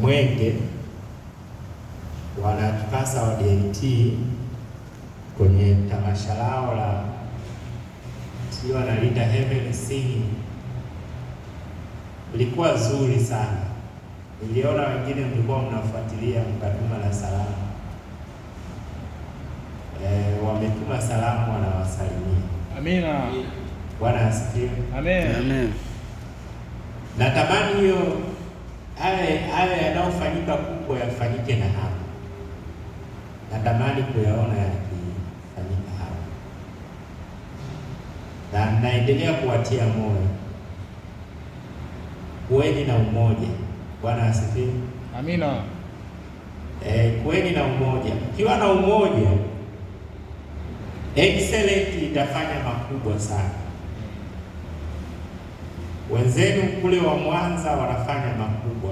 Mwenge wanatukasa wa DIT kwenye tamasha lao la sio wanaliita Heaven Singing, ilikuwa zuri sana. Niliona wengine mlikuwa mnafuatilia mkatuma na salamu e, wametuma salamu, wanawasalimia. Amina, Bwana asifiwe. Amen. Amen. Natamani hiyo haya yanayofanyika kubwa yafanyike na hapa. Natamani kuyaona yakifanyika hapa, na naendelea kuwatia moyo, kuweni na umoja. Bwana asifiwe, amina. E, kuweni na umoja. Ukiwa na umoja, excellent itafanya makubwa sana. Wenzenu kule wa Mwanza wanafanya makubwa,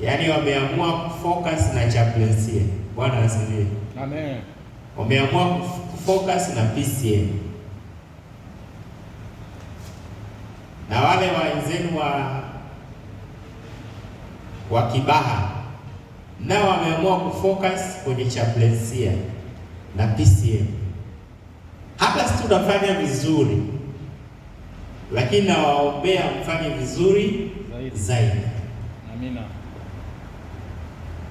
yaani wameamua kufocus na chaplaincy. Bwana asifiwe. Amen. Wameamua kufocus na PCM na wale wenzenu wa wa Kibaha nao wameamua kufocus kwenye chaplaincy na PCM. Hata si tunafanya vizuri lakini nawaombea mfanye vizuri zaidi, zaidi. Amina.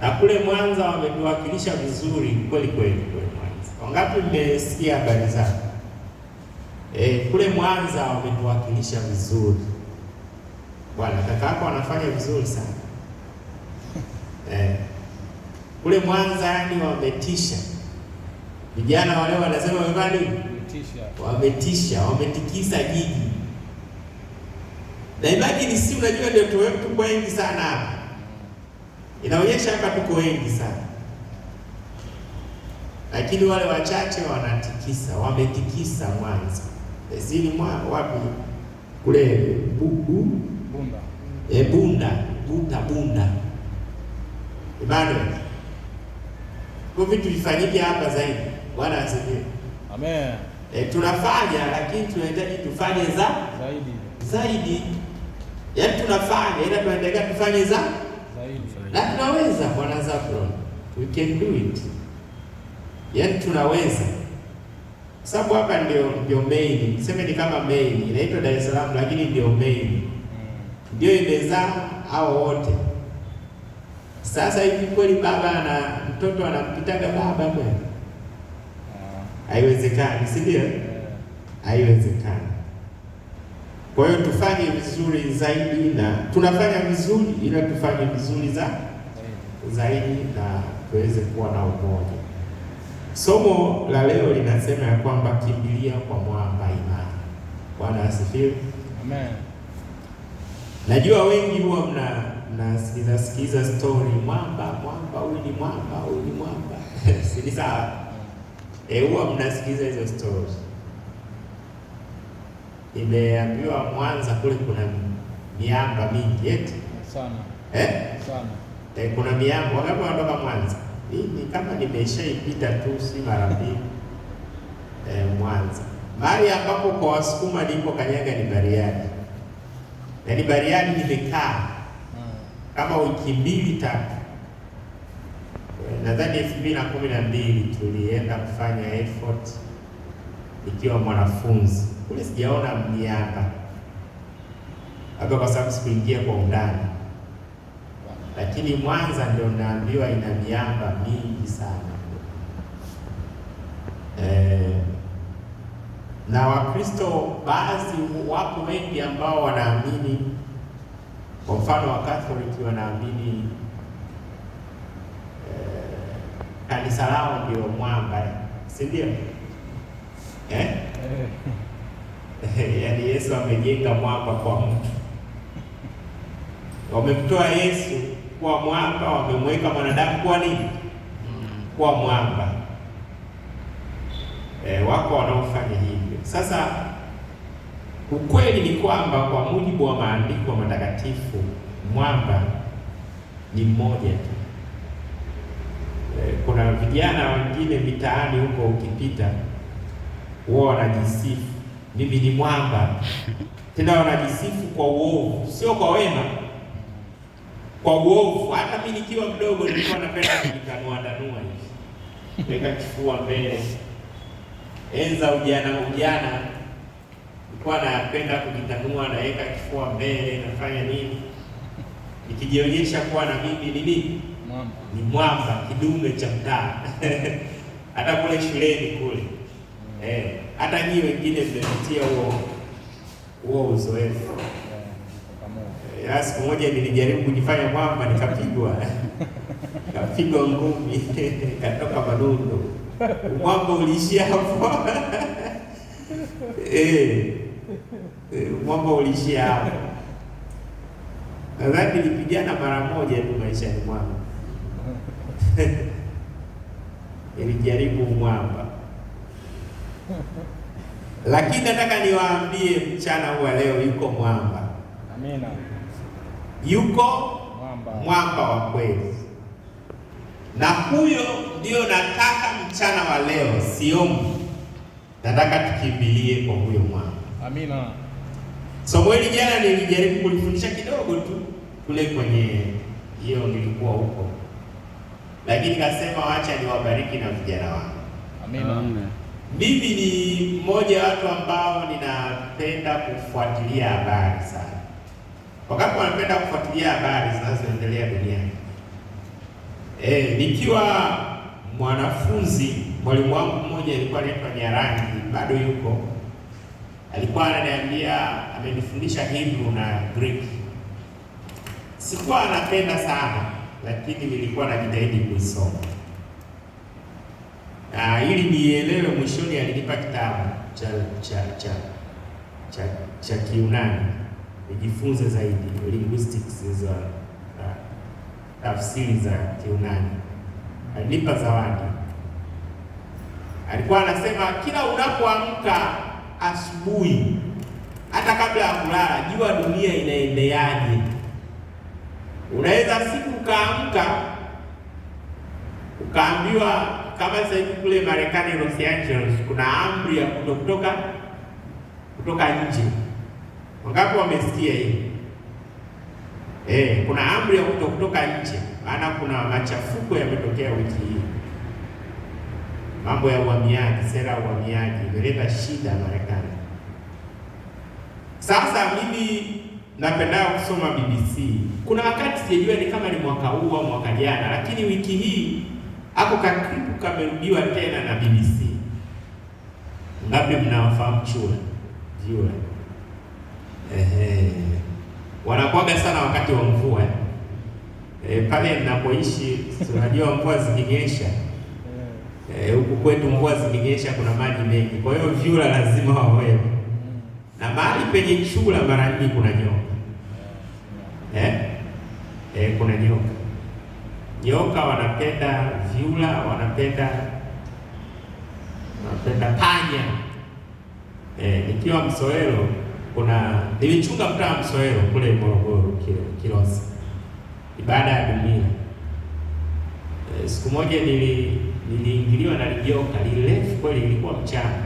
Na kule Mwanza wametuwakilisha vizuri kweli kweli kule Mwanza. Wangapi mmesikia habari zao? E, kule Mwanza wametuwakilisha vizuri bwana, kaka yako wanafanya vizuri sana e, kule Mwanza yani wametisha vijana wale, wanasema wametisha, wametisha wametikisa jiji na imagine si unajua ndio tu wetu tuko wengi sana hapa, inaonyesha hapa tuko wengi sana lakini wale wachache wanatikisa, wametikisa Mwanza Ezili eh, mwa wapi kule bubu bunda e bunda buta bunda bado kwa vitu vifanyike hapa zaidi. Bwana asifiwe, amen. E, tunafanya lakini tunahitaji tufanye za zaidi zaidi. Yaani tunafanya ila tunaendelea tufanye za na tunaweza bwana Zafron. We can do it. Yaani tunaweza. Sababu hapa ndio ndio main. Niseme ni kama main. Inaitwa Dar es Salaam lakini ndio main. Mm. Ndio imezaa hao wote. Sasa hivi kweli baba na mtoto anampitaga baba kweli? Ah. Haiwezekani, si ndio? Haiwezekani. Kwa hiyo tufanye vizuri zaidi, na tunafanya vizuri ila tufanye vizuri za zaidi na tuweze kuwa na umoja. Somo la leo linasema ya kwamba kimbilia kwa mwamba imani. Bwana asifiwe. Amen. Najua wengi huwa mna mnasikiliza story mwamba mwamba, huyu ni mwamba, huyu ni mwamba si sawa? Eh, huwa mnasikiliza hizo stories imeambiwa Mwanza kule kuna miamba mingi eti eh? sana eh? sana eh, kuna miamba wangapi wanatoka Mwanza? ni kama nimeshaipita tu si mara mbili eh, Mwanza. Mahali ambapo kwa Wasukuma ndipo kanyaga ni Bariadi, na ni Bariadi nimekaa hmm. kama wiki mbili tatu eh, nadhani elfu mbili na kumi na mbili tulienda kufanya effort nikiwa mwanafunzi kule, sijaona miaka labda kwa sababu sikuingia kwa undani, lakini Mwanza ndio naambiwa ina miamba mingi sana e, na Wakristo baadhi wapo wengi ambao wanaamini, kwa mfano Wakatholiki wanaamini e, kanisa lao ndio mwamba, si ndio? eh? Yaani Yesu amejenga mwamba kwa mtu. Wamemtoa Yesu kwa mwamba, wamemweka mwanadamu kwa nini? Kuwa mwamba. Eh, wako wanaofanya hivyo. Sasa ukweli ni kwamba kwa mujibu wa maandiko matakatifu mwamba ni mmoja tu. Eh, kuna vijana wengine mitaani huko ukipita wao wanajisifu, mimi ni mwamba. Tena wanajisifu kwa uovu, sio kwa wema, kwa uovu. Hata mimi nikiwa mdogo nilikuwa napenda kujitanua tanua hivi, weka kifua mbele. Enza ujana ujana nilikuwa napenda kujitanua, naweka kifua mbele, nafanya nini, nikijionyesha kuwa na mimi ni nini, ni mwamba, kidume cha mtaa hata kule shuleni kule eh, hata nyi wengine mmepitia huo huo uzoefu. Eh, siku moja nilijaribu kujifanya mwamba nikapigwa nikapigwa ngumi katoka malundo, mwamba uliishia hapo eh, eh, mwamba uliishia hapo. Nadhani nilipigana mara moja tu maishani mwangu nilijaribu mwamba Lakini nataka niwaambie mchana huu wa leo, yuko mwamba. Amina. Yuko mwamba, mwamba wa kweli, na huyo ndio nataka mchana wa leo siomu, nataka tukimbilie kwa huyo mwamba. Amina. Somo hili jana nilijaribu kulifundisha kidogo tu kule kwenye hiyo, nilikuwa huko, lakini nikasema wacha niwabariki na vijana wangu. Amina. Amina. Mimi ni mmoja watu ambao ninapenda kufuatilia habari sana. Wakati wanapenda kufuatilia habari zinazoendelea duniani. Eh, nikiwa mwanafunzi mwalimu wangu mmoja alikuwa anaitwa Nyarangi, bado yuko. Alikuwa ananiambia amenifundisha Hebrew na Greek. Sikuwa anapenda sana, lakini nilikuwa najitahidi kuisoma. Uh, ah, ili nielewe mwishoni alinipa kitabu cha cha cha cha, cha Kiunani nijifunze zaidi linguistics za uh, tafsiri za Kiunani. Alinipa zawadi. Alikuwa anasema kila unapoamka asubuhi, hata kabla ya kulala, jua dunia inaendeaje. Unaweza siku ukaamka ukaambiwa kama sasa hivi kule Marekani Los Angeles kuna amri ya kutoka kutoka nje. Wangapi wamesikia hii? Eh, kuna amri ya kutoka nje, maana kuna machafuko yametokea wiki hii, mambo ya uhamiaji, sera ya uhamiaji imeleta shida Marekani. Sasa mimi napenda kusoma BBC. Kuna wakati sijajua ni kama ni mwaka huu au mwaka jana, lakini wiki hii ako karibu Afrika amerudiwa tena na BBC. Ngapi mnawafahamu chura? Jura. Ehe. Wanakuaga sana wakati wa mvua. E, pale ninapoishi tunajua mvua zikinyesha eh, huku e, kwetu mvua zikinyesha kuna maji mengi, kwa hiyo vyura lazima wawepo, na mahali penye chura mara nyingi kuna nyoka eh? E, kuna nyoka Nyoka wanapenda vyura, wanapenda wanapenda panya. Eh, nikiwa Msowero kuna nilichunga mtaa Msoero kule Morogoro Kilosa, ibada ya dunia. E, siku moja nili niliingiliwa na lijoka lirefu kweli, ilikuwa mchana,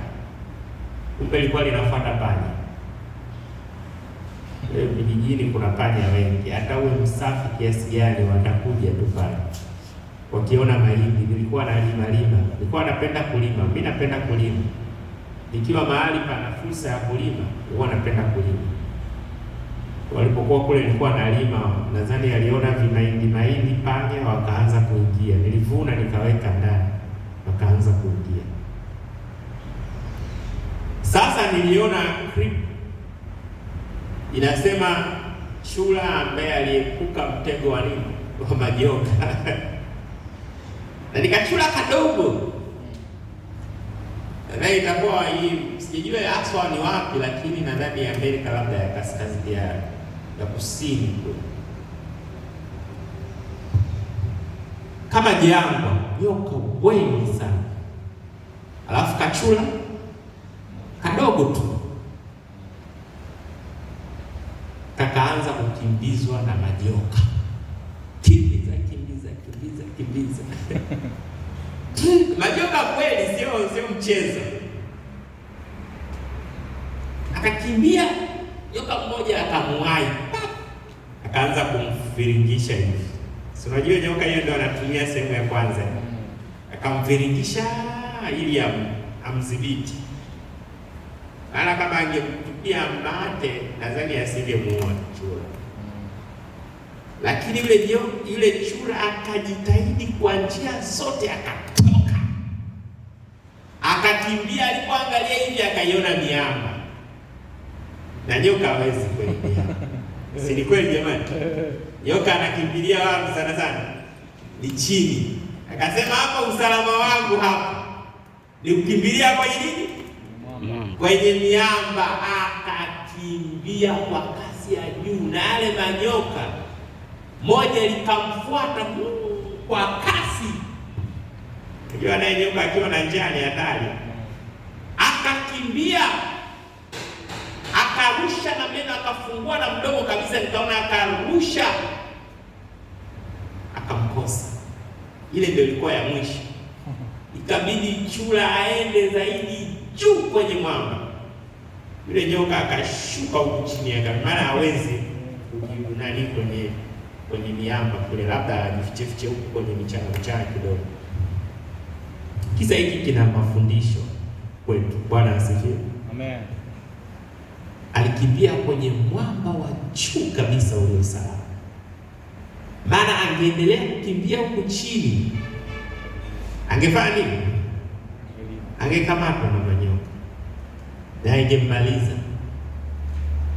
kumbe lilikuwa linafuata panya Leo eh, vijijini kuna panya wengi, hata uwe msafi kiasi gani watakuja tu pale, wakiona mahindi. Nilikuwa nalima lima, nilikuwa napenda kulima, mimi napenda kulima. Nikiwa mahali pana fursa ya kulima, huwa napenda kulima. Walipokuwa kule nilikuwa nalima, nadhani aliona vimahindi mahindi, panya wakaanza kuingia. Nilivuna nikaweka ndani, wakaanza kuingia. Sasa niliona creep inasema Shula ambaye aliepuka mtego wa nini wa majoka na nikachula kadogo na itakuwa hii, sijajua aswa ni wapi, lakini nadhani ya Amerika labda ya kaskazini ya, ya kusini kule kama jangwa, nyoka wengi sana, alafu kachula kadogo tu akaanza kukimbizwa na majoka, kimbiza kimbiza kimbiza kimbiza majoka kweli, sio sio mchezo. Akakimbia, joka mmoja akamwai, akaanza kumviringisha hivi. Si unajua nyoka hiyo ndio anatumia sehemu ya kwanza, mm. akamviringisha ili amdhibiti. Maana kama angemtupia mate Tanzania asingemuua chura, lakini yule yule chura akajitahidi kwa njia zote, akatoka akakimbia. Alipoangalia hivi akaiona miamba na nyoka hawezi kuingia. Si ni kweli jamani? Nyoka anakimbilia wapi sana sana? Ni chini. Akasema hapa usalama wangu hapa ni kukimbilia kwenye nini? Kwenye miamba aka akikimbia kwa kasi ya juu, na yale manyoka moja likamfuata kwa kasi. Unajua naye nyoka akiwa na njaa ni hatari. Akakimbia akarusha na meno, akafungua na mdomo kabisa, nikaona akarusha, akamkosa. Ile ndio ilikuwa ya mwisho, ikabidi chura aende zaidi juu kwenye mwamba yule nyoka akashuka huku chini, maana hawezi kujinani kwenye kwenye miamba kule, labda ajifichefiche huku kwenye michanga michanga kidogo. Kisa hiki kina mafundisho kwetu. Bwana asifiwe, amen. Alikimbia kwenye mwamba wa juu kabisa ulio salama, maana angeendelea kukimbia huku chini, angefanya nini? Angekamatwa na ingemaliza,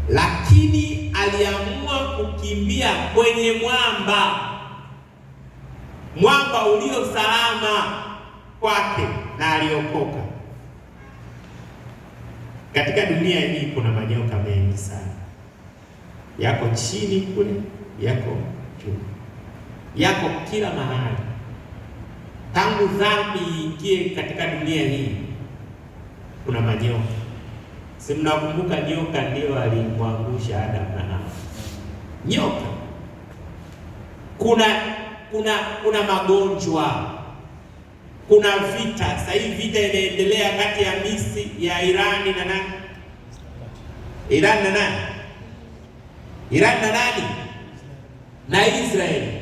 lakini aliamua kukimbia kwenye mwamba, mwamba ulio salama kwake na aliokoka. Katika dunia hii kuna manyoka mengi sana, yako chini kule, yako juu, yako kila mahali. Tangu dhambi iingie katika dunia hii kuna manyoka Si mnakumbuka nyoka ndiyo alimwangusha Adamu na Hawa. Nyoka. Kuna kuna kuna magonjwa. Kuna vita. Sasa hii vita inaendelea kati ya Misri ya Irani na nani? Irani na nani? Irani na nani? Na Israeli.